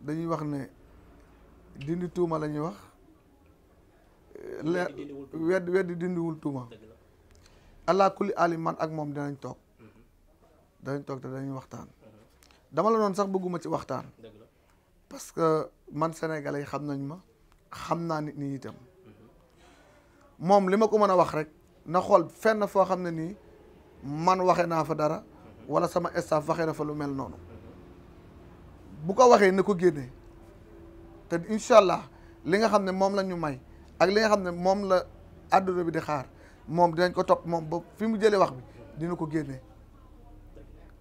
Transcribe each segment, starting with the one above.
dañuy wax ne dindi tuuma la ñuy wax. leer wedd weddi dindiwul tuuma. allah kulli alim man ak moom danañ toog. Mm-hmm. danañ toog te dañuy waxtaan. Mm-hmm. dama la doon sax bëgguma ci waxtaan. parce que man sénégalais yi xam nañ ma. xam naa nit ñi itam. Mm-hmm. moom li ma ko mën a wax rek. na xool fenn foo xam ne nii man waxe naa fa dara. wala sama staff waxee na fa lu mel noonu. bu ko waxee ne ko génne te incha li nga xamné ne lañu la may ak li nga xamné ne la aduna bi di xaar mom dinañ ko top mom ba fi mu jëlé wax bi dina ko génne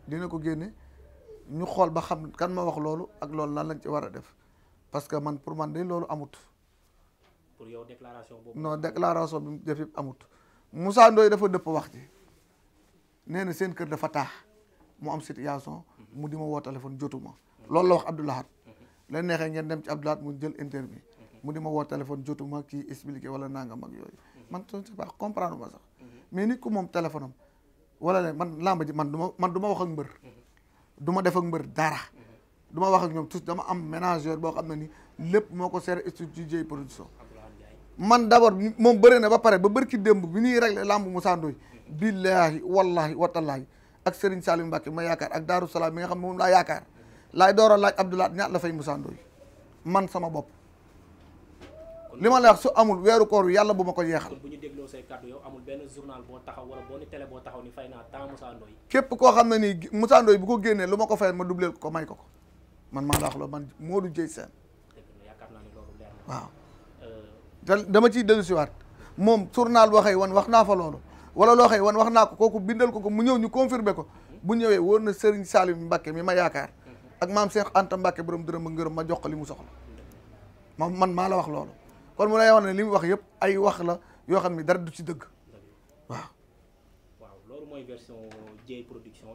dina ko génne ñu xol ba xam kan ma wax lolu ak lolu lan lañ ci wara def parce que man pour man de lolu amut. pour yow déclaration bobu non déclaration bi def amut Moussa Ndoye dafa depp wax ci néna seen kër dafa tax mu am situation mu dima ma woo téléphone jotuma loolu la wax Abdoulahat la neexee ngeen dem ci Abdoulahat mu jël interview mu di ma woo téléphone jotuma kii expliqué wala nangam ak yooyu man je ne sais pas comprendre ma sax mais nit ku moom téléphone wala ne man làmb ji man du ma man du ma wax ak mbër du def mbër dara du ma wax ak ñoom dama am menageur boo xam ne ni lépp moo ko seere studio production man d' abord moom bëri na ba pare ba bërki démb bi ñuy réglé làmb Moussa Ndoye billaahi wallaahi watallaahi ak Serigne Salim Mbacke ma yaakaar ak Daaru Salaam mi nga xam ne moom laa laay dooral a laaj Abdoulaat ñaat la fay Moussa man sama bopp li ma la wax su amul weeru koor yàlla bu ma ko yeexal. bu ñu dégloo say kàddu yow amul benn journal boo taxaw wala boo ni boo taxaw ni fay naa temps Moussa képp koo xam ne nii Moussa Ndoye bu ko génnee lu ma ko fayal ma doublé ko may ko ko man maa la wax loolu man Modou Dieye Sène. yaakaar naa waaw euh, dama ciy dellusiwaat moom journal boo xëy wan wax naa fa loolu wala loo xëy wan wax naa ko kooku bindal ko ko mu ñëw ñu confirmer ko hmm? bu ñëwee wóor na Serigne mu Mbacké mi ma yaakaar. ak maam Cheikh Anta Mbacke borom dërëm ak ngërëm ma jox ko li mu soxla ma man maa la wax loolu kon mu lay wax ne li mu wax yëpp ay wax la yoo xam ne dara du si dëgg waaw. loolu mooy version Dieye production